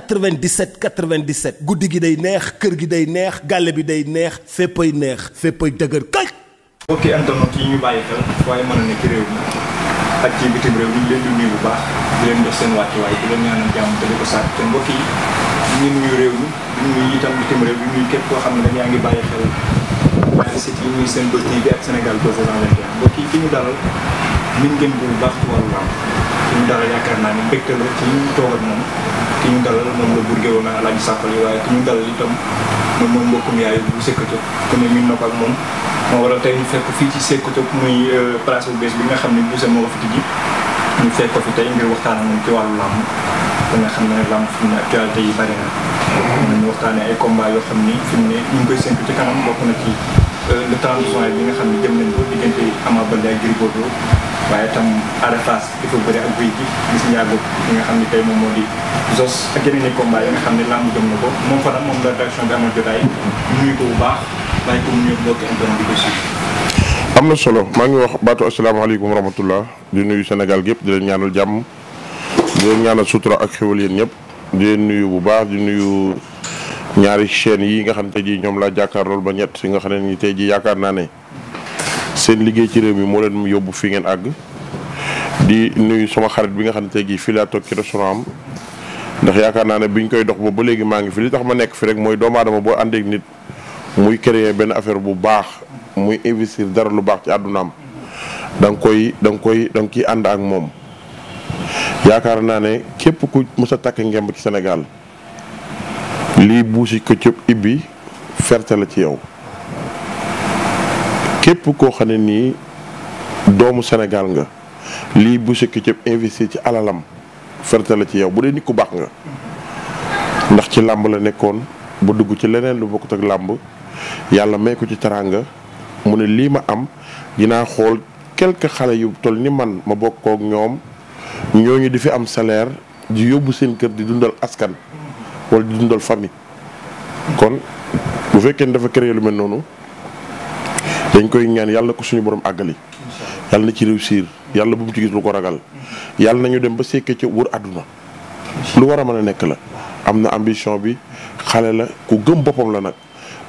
97 97 guddi gi day neex kër gi day neex gàlle bi day neex féppay neex féppay dëgër kay. mbokki internet yi ñu bàyyi xel waaye mën na ci réew mi ak ci bitim réew ñu ngi leen di nuyu bu baax leen jox seen wàccuwaay di leen ñaanal jàmm te di ko sàkk te yi ñu réew mi ñu itam bitim réew ñu ngi képp koo xam ne dañ yaa ngi bàyyi xel waaye sit yi ñuy seen Senbuzz TV bi ak Sénégal 221 mbokk yi ki ñu dalal min ngeen bu baax ci wàllu ñu dalal yaakaar naa ne mbégte la ci ñu toog moom ki ñu dalal moom la burgé woon a Alaaji Sàppali waaye ki ñu dalal itam moom mooy mbokkum yaay bu Sékkotok ku ne min na ko ak moom moo waral tey ñu fekk fii ci Sékkotok muy euh, place bu bees bi nga xam ne Boucher moo ko fi tijji ñu fekk ko fi tey ngir waxtaan ak moom ci wàllu làmb da nga xam ne làmb fi mu ne yi bëri na ñu waxtaane ay combat yoo xam ni fi mu ne ñu ngi koy séntu ci kanam bokk na ci euh, bi nga xam ne jëm nañ ko diggante Ama Baldé waaye tam Ada Fass il faut bëri ak guy gi gis njaago yi nga xam ne tey moom moo di Zos ak yeneen i combat nga xam ne na ko jotaay nuyu ko bu baax bàyyi ko mu ñëw bokk internet bi ko suivre. am na solo maa ngi wax baatu asalaamaaleykum wa rahmatullah di nuyu Sénégal gépp di leen ñaanal jàmm di leen ñaanal sutura ak xéwal yéen ñëpp di nuyu bu baax di nuyu ñaari chaînes yi nga xam ne tey jii ñoom laa jàkkaarlool ba ñett yi nga xam ne ni tey jii yaakaar naa ne. seen liggéey ci réew mi moo leen yóbbu fi ngeen àgg di nuyu sama xarit bi nga xam ne tey jii fii laa toog ci restaurant am ndax yaakaar naa ne biñ koy dox boobu ba léegi maa ngi fi li tax ma nekk fi rek mooy doomu aadama boo àndeek nit muy créer benn affaire bu baax muy investir dara lu baax ci àddunaam danga koy danga koy danga nga ànd ak moom yaakaar naa ne képp ku mës a takk ngemb ci Sénégal lii buusi ko cëpp ibbi ferte la ci yow képp koo xam ne nii doomu senegal nga lii bu Boucher Ketchup investir ci alalam ferte la ci yow bu dee nit ku baax nga ndax ci làmb la nekkoon bu dugg ci leneen lu bokkut ak làmb yàlla may ko ci teraanga mu ne lii ma am dinaa xool quelques xale yu toll ni man ma bokkook ñoom ñoo ñooñu di fi am salaire di yóbbu seen kër di dundal askan wala di dundal famille kon bu fekkee ne dafa créer lu mel noonu dañ koy ñaan yàlla ko suñu borom àggali. yàlla na ci réussir yàlla bu mu ci lu ko ragal. yàlla nañu dem ba sekkee ca wër àdduna. lu war a mën a nekk la. am na ambition bi xale la ku gëm boppam la nag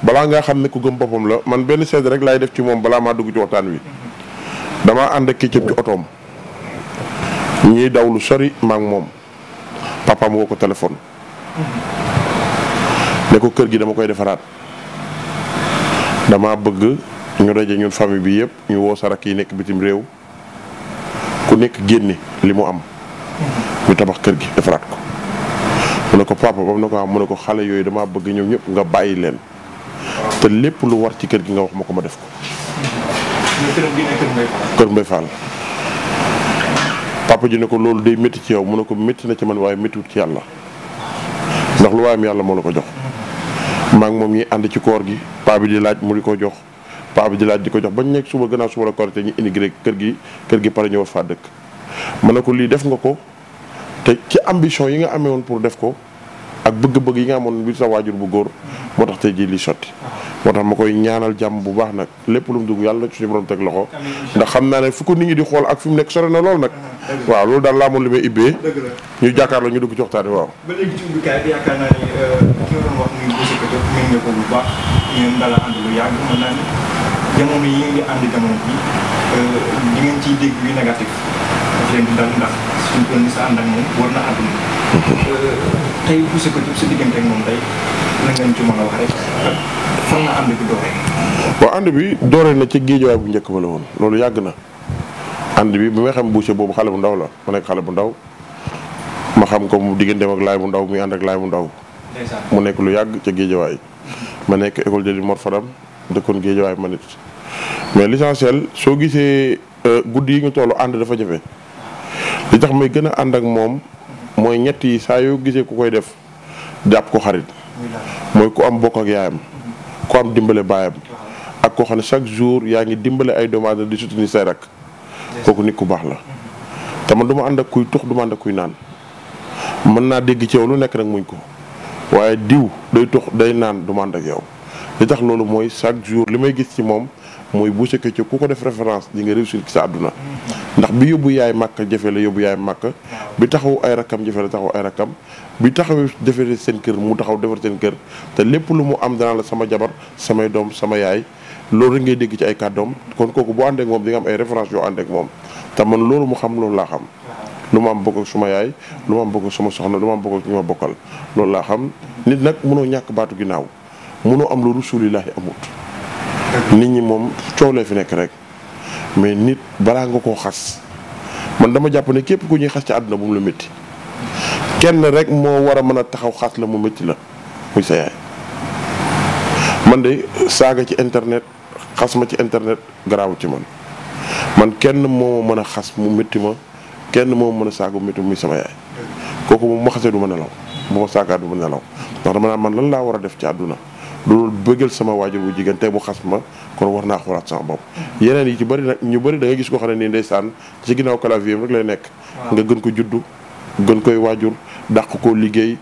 balaa ngaa xam ne ku gëm boppam la man benn seed rek laay def ci moom balaa maa dugg ci waxtaan wi. damaa ànd ak kéccëb ci otoom. ñuy daw lu sori maak moom papaam woo ko téléphone. ne kër gi dama koy defaraat. dama bëgg. ñu daje ñun famille bi yëpp ñu woo sa rakk yi nekk bitim réew ku nekk génne li mu am ñu tabax kër gi defaraat ko mu ne ko papa ba mu ne ko am ah, mu ne ko xale yooyu damaa bëgg ñoom ñëpp nga bàyyi leen te lépp lu war ci kër gi nga ma ko ma def ko. kër Mbay ji ne ko loolu day métti ci ne ko métti na ci man waaye méttiwut ci yàlla ndax lu waayam yàlla moo la ko jox maa ngi moom ñuy ànd ci koor gi paa bi di laaj mu di ko jox waaw bi di laaj ko jox bañ nekk suba gannaaw suba la korité ñu immigré kër gi kër gi pare ñëw faa dëkk ma ne ko lii def nga ko te ci ambition yi nga amee woon pour def ko ak bëgg-bëgg yi nga amoon bi sa waajur bu góor moo tax tey jii li sotti moo tax ma koy ñaanal jàmm bu baax nag lépp lu dugg yàlla suñu borom teg loxo ndax xam naa ne fu ko nit ñi di xool ak fi mu nekk sore na lool nag waaw loolu daal laa moon li may ibbee ñu jàkkaar ñu dugg ci waxtaan bi jamono yi ngeen ànd jamono bi euh, di ko ni sa ànd moom war na àdduna euh, ci mën a ànd bi dooree na ci géejawaay bu njëkk ba la woon loolu yàgg na ànd bi bi may xam buuse boobu xale bu ndaw la ma nekk xale bu ndaw ma xam ko mu digganteem ak laay bu ndaw muy ànd ak bu ndaw mu nekk lu yàgg ca géejawaay ma nekk école de Mor Fadam dëkkoon géejawaay ma nit mais l'essentiel soo gisee euh, guddi yi ñu toll ànd dafa jafe li tax may gën a ànd ak moom mooy ñett yi saa yoo gisee ku koy def jàpp ko xarit mooy ku am bokk ak yaayam ku am dimbale baayam ak koo xam ne chaque jour yaa ngi dimbale ay demande di soutenir say rak kooku nit ku baax la te man du ma ànd ak kuy tux du ànd ak kuy naan mën naa dégg ci yow lu nekk nag muñ ko waaye diw day tux day naan du ànd ak yow li tax loolu mooy chaque jour li may gis ci moom mooy bu sa këccëg ku ko def référence di nga réussir ci sa àdduna ndax bi yóbbu yaay màkk jafe la yóbbu yaay màkk bi taxaw ay rakkam jafe la taxaw ay rakkam bi taxaw defar seen kër mu taxaw defar seen kër te lépp lu mu am danaa la sama jabar samay doom sama yaay loolu rek ngay dégg ci ay doom kon kooku boo àndeek moom di nga am ay référence yoo àndeek moom te man loolu mu xam loolu laa xam lu mu am bokk suma yaay lu ma am bokk suma soxna lu ma am bokk bokkal loolu laa xam nit nag mënoo ñàkk baatu ginnaaw mënoo am lu rasulillahi amut nit ñi moom coow lee fi nekk rek mais nit balaa nga koo xas man dama jàpp ne képp ko ñuy xas ci àdduna bu mu la métti kenn rek moo war a mën a taxaw xas la mu métti la muy sa yaay man de saaga ci internet xas ci internet garaaw ci man man kenn moo mën a xas mu métti ma kenn moo mën a saaga mu métti muy kooku moom ma xasee du ma nelaw bu ma saagaa du ma nelaw ndax dama naa man lan laa war a def ci àdduna loolu bëggal sama waajur bu jigéen te mu xas ma kon war naa xoolaat sax bopp yeneen yi ci bari nag ñu bëri da gis koo xam ne nii ndeysaan ci ginnaaw clavier rek lay nekk nga gën ko juddu gën koy waajur dàq ko liggéey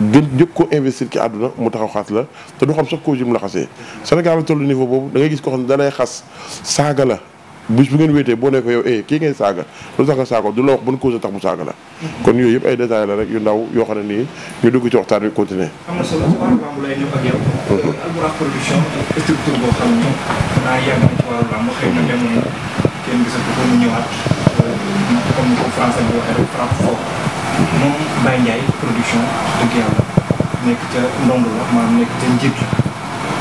gën njëkk ko investir ci àdduna mu taxaw xas la te du xam sax koo jum la xasee mm-hmm. Sénégal a toll niveau boobu da ngay gis koo xam ne danay xas saaga la bis bi ngeen wéetee boo ne ko yow eh kii ngeen saaga lu tax nga saaga du la wax ban cause tax mu saaga la. kon yooyu yëpp ay détails la rek yu ndaw yoo xam ne nii ñu dugg ci waxtaan wi mhm. euh, comme ni ko mhm. nekk ca ndongo la maanaam nekk ca njiit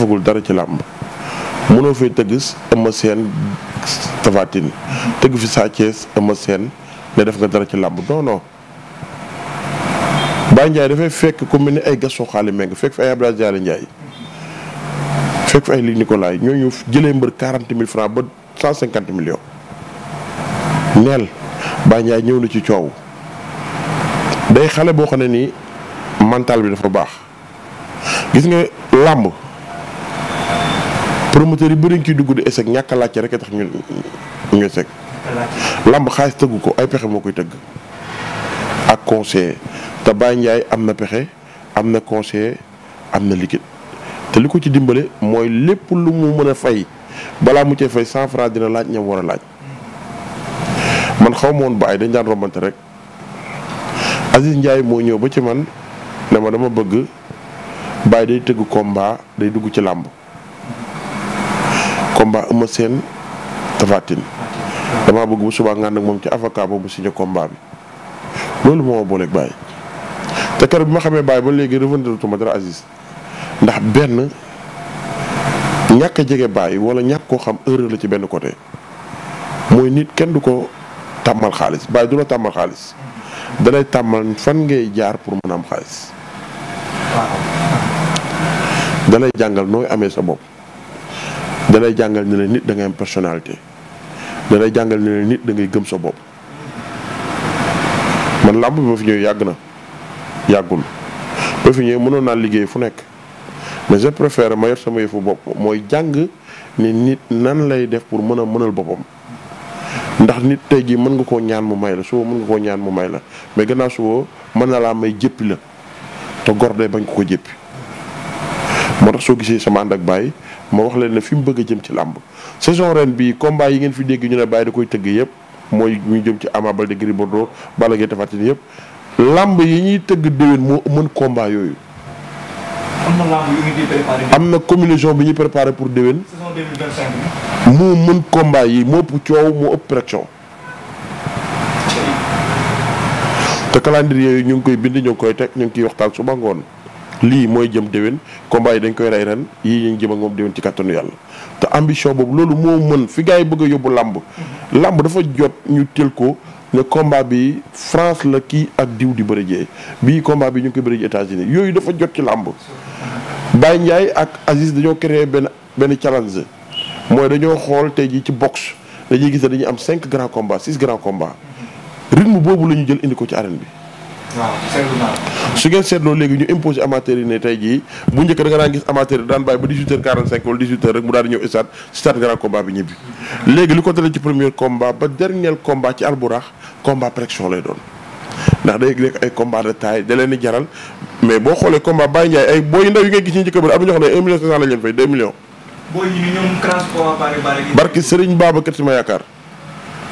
defagul dara ci làmb mënoo fay tëgg Eumeu Sène Tapha Tine tëgg fi Sa Thiès Eumeu Sène ne def nga dara ci làmb non non dafay fekk ku mel ni ay Gaston Xaali Meng fekk fi ay Abdoulaye Diallo Ndiaye fekk fi ay Luc Nicolaï ñooñu jëlee mbër 40 000 ba 150 millions neel Baye ñëw na ci coow day xale boo xam ne nii mental bi dafa baax gis nga làmb promoteur yi bëri nga ciy dugg di échec ñàkk a laajte a tax ñu ñu échec. xaalis tëggu ko ay pexe moo koy tëgg ak conseiller te Baye Ndiaye am na pexe am na conseiller am na liquide te li ko ci dimbale mooy lépp lu mu mën a fay balaa mu cee fay cent franc dina laaj ñam war a laaj man xaw ma woon ba dañ daan rombante rek Aziz njaay moo ñëw ba ci man ne ma dama bëgg Baye day tëgg combat day dugg ci làmb combat Eumeu seen Tapha Tine damaa bëgg bu subaa nga ànd moom ci avocat boobu signé combat bi loolu moo ma booleeg Baye te keroog bi ma xamee Baye ba léegi revenir tuma dara Aziz ndax benn ñàkk a jege Baye wala ñàkk koo xam erreur la ci benn côté mooy nit kenn du ko tàmmal xaalis Baye du la tàmmal xaalis dalay tàmmal fan ngay jaar pour mën a am xaalis. dalay jàngal nooy amee sa bopp. dalay jàngal na la nit dangay ngay am jàngal ne nit da ngay gëm sa bopp man làmb bi ma fi ñëw yàgg na yàggul ba fi ñëw mënoon naa liggéey fu nekk mais je préfère ma yor sama yëfu bopp mooy jàng ne nit nan lay def pour mën a mënal boppam ndax nit tey jii mën nga koo ñaan mu may la suba mën nga koo ñaan mu may la mais gannaaw soo mën na laa may jëppi la te gor day bañ ko ko jëppi moo tax soo gisee sama ànd ak Baye ma wax leen ne fi mu bëgg a jëm ci làmb saison ren bi combat yi ngeen fi dégg ñu ne Baye da koy tëgg yëpp mooy ñu jëm ci Ama Baldé Gris Bordeaux Balla Gaye Tapha Tine yëpp làmb yi ñuy tëgg déwén moo mën combat yooyu. am na làmb bi ñuy préparé pour déwén. saison yi moo ëpp coow moo ëpp pression. te calendrier yooyu ñu ngi koy bind ñu ngi koy teg ñu ngi koy waxtaan suba ngoon. lii mooy jëm déwén combat yi dañ koy rey ren yi ñu jëm ak moom déwén ci kattanu yàlla te ambition boobu loolu moo mën fi gars yi bëgg a yóbbu làmb làmb dafa jot ñu teel ko ne combat bi France la kii ak diw di bëri jee bii combat bi ñu ngi koy bëri États-Unis yooyu dafa jot ci làmb Baye Ndiaye ak Aziz dañoo créer benn benn challenge mooy dañoo xool tey jii ci boxe dañuy gis dañuy am cinq grands combats six grands combats rythme boobu la ñu jël indi ko ci arène bi su ngeen seetloo léegi ñu imposé amateur yi ne tey jii bu njëkk da nga daan gis amateur yi daan bàyyi ba 18 heures 45 wala 18 heures rek mu daal di ñëw stade stade grand combat bi ñibbi léegi li ko dalee ci premier combat ba dernier combat ci alburax combat pression lay doon ndax day ay combat de da leen di jaral mais boo xoolee combat booy ndaw yi ngay gis ñu njëkk ba am ñoo xam ne 1 million 500 lañ leen fay 2 millions. booy yi ni ñoom transport bari bari. si ma yaakaar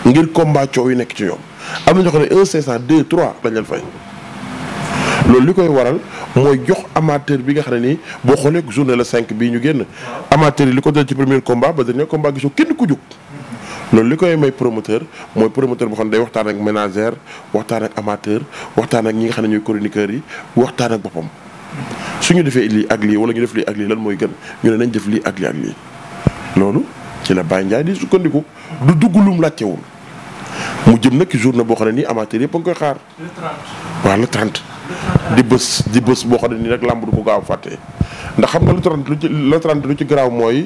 ngir combat coow yi nekk ci ñoom am na ñoo xam ne 1 500 2 3 lañ leen loolu li koy waral mooy jox amateur bi nga xam ne nii boo xoolee journée la 5 bii ñu génn. amateur yi li ko dal ci premier combat ba dernier combat gisoo kenn ku jóg. loolu li koy may promoteur mooy promoteur boo xam ne day waxtaan ak manager waxtaan ak amateur waxtaan ak ñi nga xam ne ñooy chroniqueurs yi waxtaan ak boppam. ñu defee lii ak lii wala ñu def lii ak lii lan mooy gën ñu ne nañ def lii ak lii ak loolu ci la Baye Ndiaye di sukkandiku du dugg lum laajtewul mu jëm nag ci boo xam nii amateur yëpp koy xaar. waaw le di bés di bés boo xam nii rek làmb du ko gaaw fàtte ndax xam nga lu trente lu ci garaaw mooy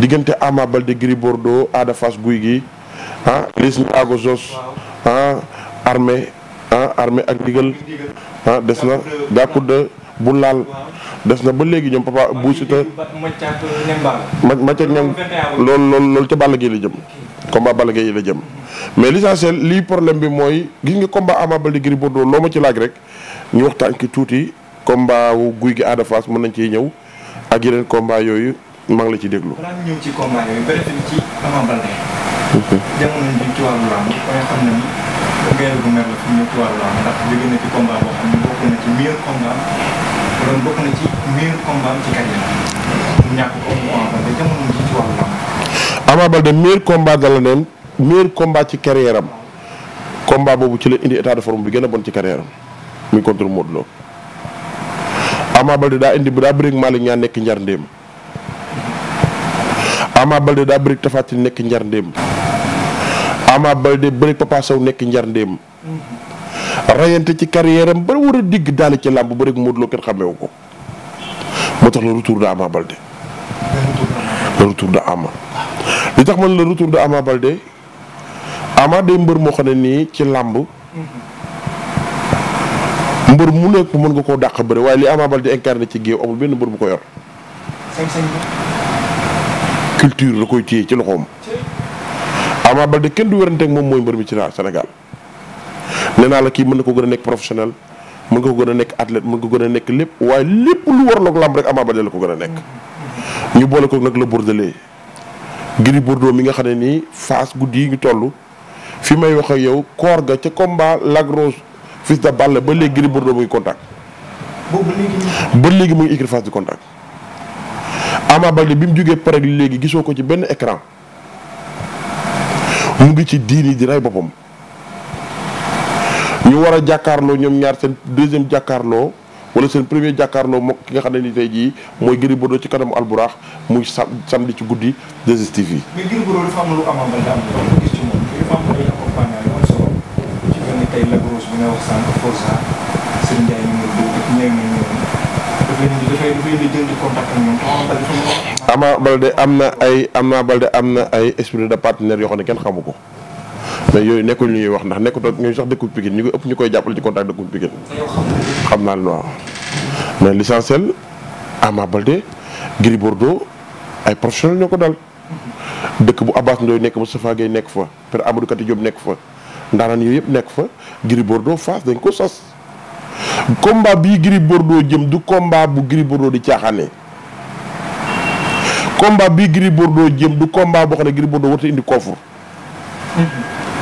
diggante Ama Baldé Gris Bordeaux Ada Fass Guy gi ah Liss Ndiago Zos ah, ah, ak ndigal ah, des na gàkku de bu laal des na ba léegi ñoom papa bu si te ma macag ñam loolu loolu loolu ca Balla Gaye la jëm combat Balla Gaye la jëm mais l'essentiel lii problème bi mooy gi nga combat Ama Baldé Gris Bordeaux loo ma ci laaj rek ñu waxtaan ci tuuti combat wu guy gi Ada Fass mën nañ cee ñëw ak yeneen combat yooyu maa la ci déglu. balaa ci combat yooyu bëri ci Ama Baldé. jamono ji ci wàllu làmb ba ci wàllu làmb ndax jóge na ci combat boobu ci la indi état de forme bi gën a bon ci carrière muy contre Modou Lo Ama Baldé daa indi daa bëri ak nekk njar ndéem Ama daa bëri ak nekk njar ndéem Ama Baldé bëri nekk njar ndéem ci carrière am ba war a digg daal ci làmb bëri ak kenn xamewu ko moo tax le retour de Ama Baldé le retour de Ama li tax de mbër moo xam ne nii ci làmb mbër mu nekk mën nga koo dàq bëri waaye li Ama Baldé di incarné ci géew amul benn mbër bu ko yor. culture la koy téye ci loxoom. Ama de kenn du werante ak moom mooy mbër mi ci naa Sénégal nee naa la kii mën na ko gën a nekk professionnel mën nga ko gën a nekk athlète mën nga ko gën a nekk lépp waaye lépp lu look làmb rek Ama Baldé la ko gën a nekk. ñu boole ko nag la Bordeaux Gris Bordeaux mi nga xam ne nii phase guddi yi ñu toll fi may wax ak yow koor ga ca combat Lac Rose fils de Balla ba léegi Gris Bordeaux mu ngi contact. ba léegi mu ngi écrire phase de contact. Ama bi mu jógee pare léegi gisoo ko ci benn écran mu ngi ci diini di rey boppam ñu war a jàkkaarloo ñoom ñaar seen deuxième jàkkaarloo wala seen premier jàkkaarloo mook ki nga xam ne ni tey jii mooy Gris Bordeaux ci kanamu alburax muy sam samedi ci guddi 2 yi. ay lagros bi Balde am na ay Ama Balde am na ay esprit de partenaire yoo xam ne kenn xamu ko mais yooyu nekkul ñuy wax ndax nekkutoo ñooy sax dëkku Pikine ñu ngi ëpp ñu koy jàppale ci contact dëkku Pikine. xam naa lu waaw mais l'essentiel Ama Balde Gris ay professionnels ñoo ko dal mm-hmm. dëkk bu Abass Ndoye nekk Moustapha Gueye nekk fa Père Amadou Kati Diop nekk fa. ndaanaan yooyu yëpp nekk fa Gris Bordeaux dañ ko sos combat bii Gris Bordeaux jëm du combat boo xam ne Gris Bordeaux warta indi koofur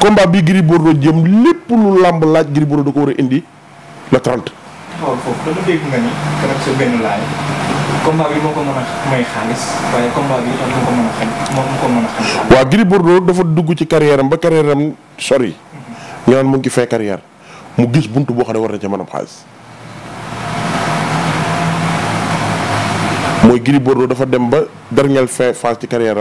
combat bii Gris jëm lépp lu làmb laaj Gris da ko war a indi le 30. waaw bi moo ko mën a may xaalis waaye combat bi moo ko mën a xam moo ko mën a xam. dafa dugg ci carrière ba carrière sori. ñu naan mu ngi ci fin mu gis buntu boo xam ne war na ca mën a xaalis mooy Gris Bordeaux dafa dem ba dernière fin phase ci carrière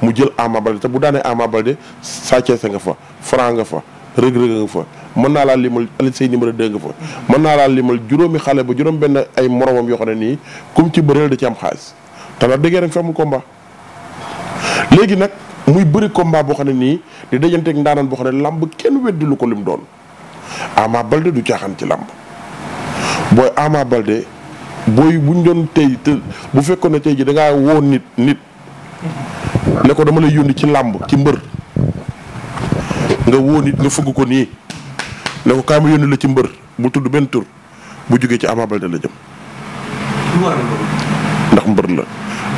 mu jël Ama Baldé te bu daanee Ama Baldé Sa Thiès nga fa Franc nga fa Reug Reug nga fa mën naa laa limal Alioune Seye numéro 2 nga fa mën naa laa limal juróomi xale ba juróom benn ay moromam yoo xam ne nii comme ci bëreel da ci am xaalis te nag dëggee rek fi amul combat léegi nag muy bëri combat boo xam ne nii di dajanteeg ndaanaan boo xam ne làmb kenn weddilu ko lim doon Ama Baldé du caaxaan ci làmb booy Ama Baldé booy buñ doon tey bu fekkoon ne tey ji da ngaa woo nit nit ne ko dama lay yónni ci làmb ci mbër nga woo nit nga fëgg ko nii ne ko kaay yónni la ci mbër bu tudd benn tur bu jógee ci Ama Baldé la jëm. ndax mbër la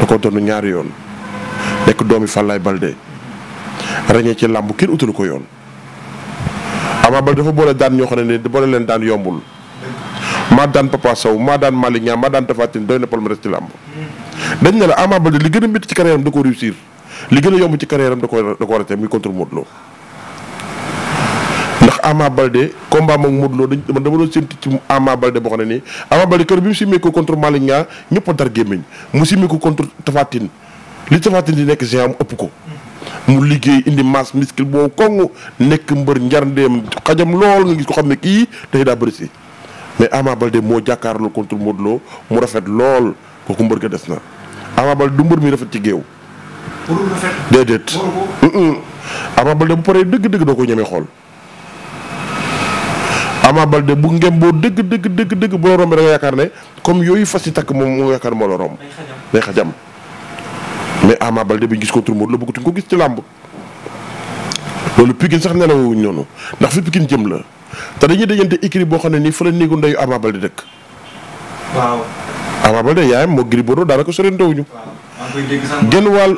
da ko doon ñaari yoon. nekk doomi Fallaye Balde ràññee ci làmb kenn utalu ko yoon Ama Baldé dafa boole daan ñoo xam ne boole leen daan yombul maa daan Papa Sow maa daan Malick Niang maa daan Tapha Tine doy na palmarès ci làmb dañ ne la Ama Baldé li gën a métti ci carrière am da ko réussir li gën a yomb ci carrière am da ko da ko raté muy contre Modou Lo ndax Ama Baldé combat moom Modou Lo dañ dama doon séntu ci Ama Baldé boo xam ne nii Ama Baldé kër bi mu simmee ko contre Malick a dar gémmiñ mu simmee ko contre li Taphatine di nekk géant ëpp ko. mu liggéey indi masse muscle boobu koŋŋ nekk mbër njarndeem xajam lool nga gis ko xam ne kii day daa bëri si. mais Ama Baldé moo jàkkaarloo contre Modou mu rafet lool kooku mbër ga des na Ama Baldé du mbër mi rafet ci géew. warul rafet déedéet. Ama Baldé bu paree dëgg-dëgg doo ko ñemee xool. Ama Baldé bu ngem boo dëgg dëgg dëgg dëgg bu la nga yaakaar ne comme yooyu fas yi takk moom moo yaakaar moo la romb. day xajam. mais Ama Baldé bi ñu gis contre Modou Lo bëggatuñ ko gis ci làmb loolu Pikine sax nelawuñ noonu ndax fi Pikine jëm la te dañuy dajante écrit boo xam ne nii fa la néegu ndeyu Ama Baldé dëkk. waaw. Ama Baldé yaayam moo Gris Bordeaux daanaka sorentewuñu. genn wàll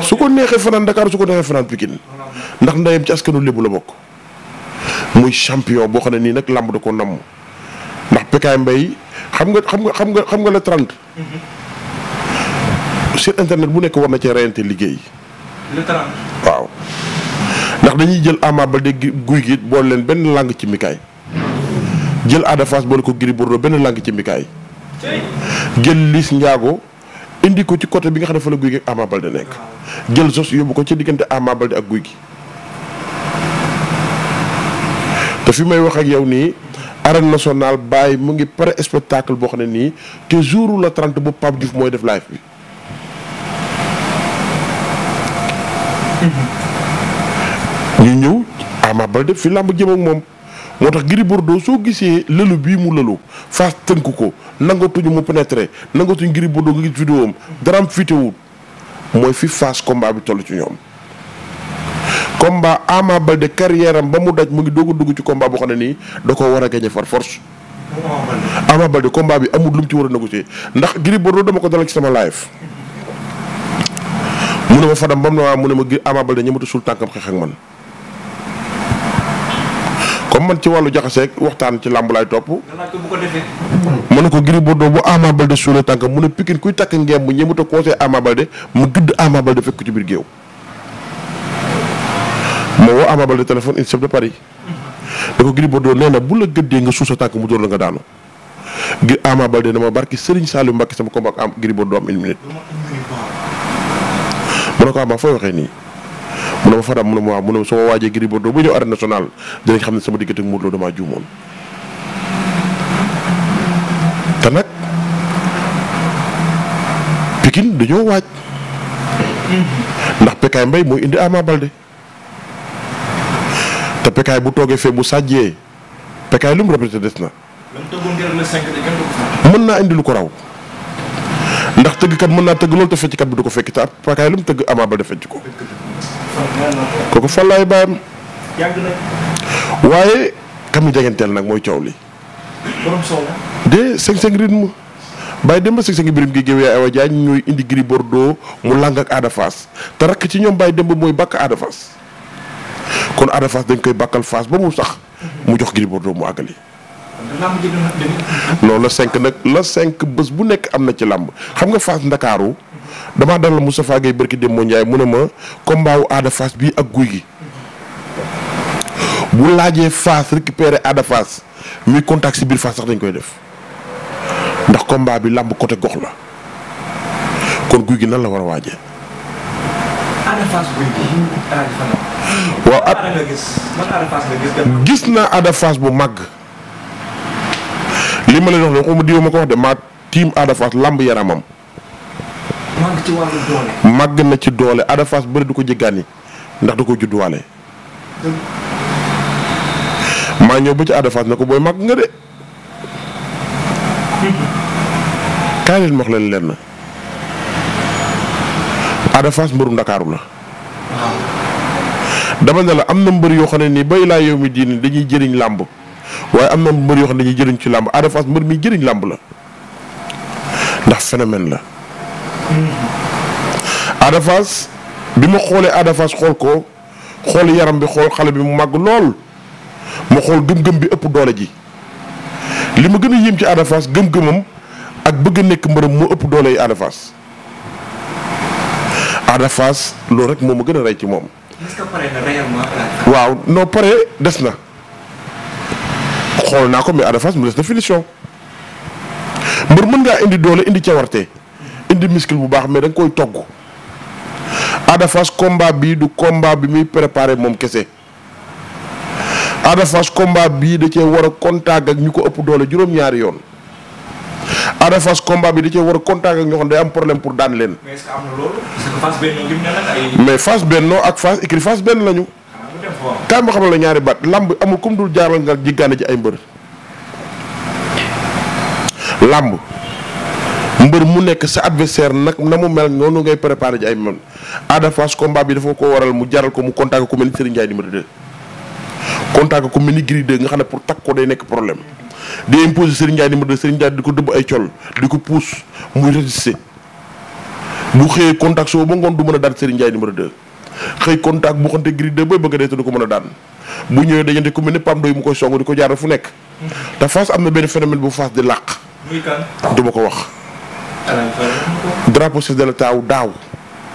su ko neexee fanaan Dakar su ko neexee fanaan Pikine ndax ndeyam ci askanu lébu la bokk muy champion boo xam ne nii nag làmb da ko namm ndax Pekaay Mbaye xam nga xam nga xam nga xam nga la 30. site internet bu nekk war na cee reyante liggéey. le waaw ndax dañuy jël Ama Baldé guy gi boole leen benn làng ci mikaay jël Ada Fass boole ko Gris Bordeaux benn làng ci mikaay jël Liss njaago indi ko ci côté bi nga xam ne fa la guy gi ak Ama Baldé nekk jël jos yóbbu ko ci diggante Ama Baldé ak guy gi te fi may wax ak yow nii arène nationale bàyyi mu ngi pare spectacle boo xam ne nii te jouru la 30 bu Pape Diouf mooy def live bi. ñu ñëw Ama Baldé fi làmb jëm ak moom moo tax Gris Bordeaux soo gisee lëlu bii mu lëlu Fass tënk ko nangatuñu mu pénétrer nangatuñu Gris Bordeaux nga gis vidéo am dara am fiitewut mooy fi Fass combat bi toll ci ñoom. combat Ama de carrière am ba mu daj mu ngi doog a dugg ci combat boo xam ne nii da ko war a gagné far force. Ama Baldé combat bi amul lu mu ci war a négocier ndax Gris Bordeaux dama ko dalal ci sama live. mu ne ma Fadam bam na waa mu ne ma Ama Baldé ñëmatu suul tànkam xeex ak man. comme man ci wàllu jaxaseeg waxtaan ci làmb laay topp. mën ko Gris Bordeaux bu Ama mu ne Pikine kuy takk ngeem bu ñëmatu conseil mu gëdd Ama Baldé ci biir géew. ma woo Ama Baldé téléphone INSEP de Paris. bu la gëddee nga suul sa tànk mu dóor la nga daanu. gi Ama Baldé dama barki Serigne Saliou Mbacké sama combat ak Gris Bordeaux am une minute. mu ne ko amaa ah, fooy waxee nii mu ne ma mu ne soo waajee Gris Bordeaux bu ñëw arène nationale dinañ xam ne sama diggante ak Modou Lo damaa juumoon. te nag Pikine dañoo waaj ndax Pekaay Mbaye mooy indi Ama Balde te Pekaay bu toogee fee bu sàjjee Pekaay lu mu des na. mën naa indi lu ko raw. ndax tëggkat mën naa tëgg loolu te fecckat bi du ko fekki te ab pakaay lu mu tëgg Ama Baldé fecc ko. kooku fan laay baayam. yàgg na. waaye kam jegenteel nag mooy coow li. borom soow de sëñ sëñ rythme bàyyi dem ba sëñ sëñ birim gi géew yaay Awa ñooy indi Gris Bordeaux mu làng ak Ada Fass te rakk ci ñoom bàyyi dem ba mooy bàkk Ada Fass kon Ada Fass dañ koy bàkkal Fass ba mu sax mu jox Gris Bordeaux mu àggali. non la cinq nag la cinq bés bu nekk am na ci làmb xam nga Fass Ndakaaru damaa dal la Moustapha Gueye barki mu ne ma combat wu bii ak guy gi bu laajee Fass récupérer Ada muy contact si biir Fass sax dañ koy def ndax combat bi làmb côté gox la kon guy gi na la war a waajee. waaw at gis naa Ada bu màgg. li ma leen wax loo xamuma diw ma ko wax de maa tiim Ada Fass yaramam. màgg ci doole. màgg na ci doole Ada Fass du ko jéggaani ndax du ko judduwaale. ma ñëw ba ci Ada Fass na ko booy màgg nga de. kaay leen wax leen lenn. Ada Fass mbëru ndakaaru la. dama ne la am na mbër yoo xam ne nii bay laa yow mi diini dañuy jëriñ làmb waaye am na mbër yoo xam ne dañuy jëriñ ci làmb Ada Fass mbër mi jëriñ làmb la ndax phénomène la. Ada Fass bi ma xoolee Ada Fass xool ko xool yaram bi xool xale bi mu màgg lool ma xool gëm-gëm bi ëpp doole ji li ma gën a yéem ci Ada gëm-gëmam ak bëgg a nekk mbërëm moo ëpp doole yi Ada Fass loolu rek moo ma gën a rey ci moom. waaw noo pare des na. xool naa ko mais Ada Fass mu des na mbër mën ngaa indi doole indi cawarte indi muscle bu baax mais da koy togg Ada Fass combat bii du combat bi muy préparé moom kese Ada Fass combat bii da cee war a contact ak ñu ko ëpp doole juróom-ñaari yoon Ada Fass combat bi da cee war a contact ak ñoo xam day am problème pour daan leen. mais est-ce que ak Fass écurie Fass benn lañu. kaay ma xamal la ñaari baat làmb amul comme dul jaaral nga jiggaane ci ay mbër làmb mbër mu nekk sa adversaire nag na mu mel noonu ngay préparé ji ay mel Ada Fass combat bi dafa ko waral mu jaral ko mu contact ku mel ni Serigne Ndiaye numéro 2 nga xam ne pour takk ko day nekk problème di imposer Serigne Ndiaye ma 2 Serigne di ko dëbb ay col di ko pousse muy résister bu xëyee contact soo ba ngoon du mën a daal di Ndiaye numéro 2 xëy contact bu xante gri bay bëgg a dee te du ko mën a daan bu ñëwee dajante ku mel ne pam doy mu koy song di ko jaar fu nekk te Fass am na benn phénomène bu Fass di làq du ma ko wax drapeau chef de l'État taaw daaw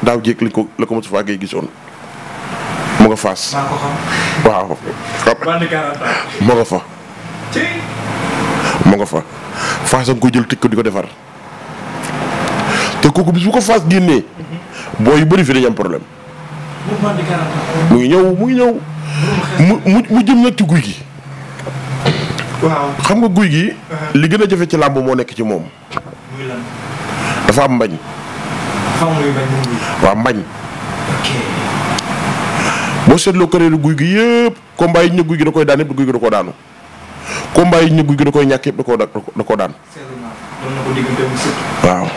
daaw jéeg ko la ko Moustapha Gueye gisoon mu nga Fass waaw mu nga fa mu nga fa Fass ko jël tikk di ko defar te kooku bi bu ko Fass génnee boo yu bëri fi dañu am problème mu ngi ñëw mu ngi ñëw. mu mu jëm nag ci guy gi. xam nga guy gi. Uh-huh. li gën a jafe ci làmb moo nekk ci moom. dafa am mbañ. waa mbañ. boo seetloo këreelu guy gi yëpp combat yi ñu guy gi da koy daan yëpp guy gi da koo daanu. combat yi koy ñàkk yëpp da koo da koo daan. waaw.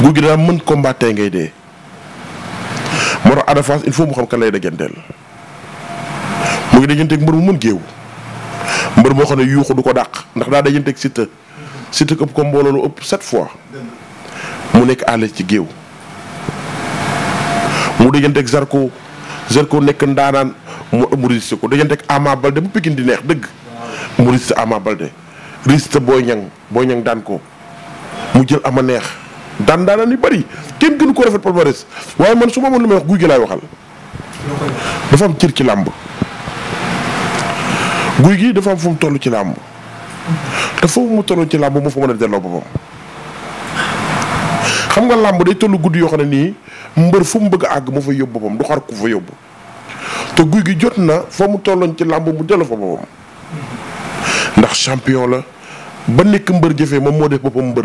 guy gi dana mën combat tey ngay dee. moo tax Ada Fass il mu xam kan lay dajanteel mu ngi dajanteeg mbër mu mën géew mbër moo xam ne yuuxu du ko daq ndax daa dajanteeg Siteu Siteu ëpp ko mbooloo lu ëpp sept fois mu nekk à l'aise ci géew mu dajanteeg sarko Zarko nekk ndaanaan mu mu résisté ko dajanteeg Ama Balde bu Pikine di neex dëgg mu résisté Ama Balde résisté Boy Niang Boy Niang daan ko mu jël ama neex. daan daanaan yu bëri kenn gënu ko rafet palmarès waaye man su ma mën lu may wax guy gi laay waxal. dafa am cër ci làmb guy gi dafa am fu mu toll ci làmb te foofu mu ci làmb moo fa mën a delloo boppam xam nga làmb day toll guddi yoo xam ne nii mbër fu mu bëgg àgg mu fa yóbbu boppam du xar ku fa yóbbu te guy gi jot na fa mu tolloon ci làmb mu delloo fa boppam ndax champion la ba nekk mbër jëfee moom moo def boppam mbër.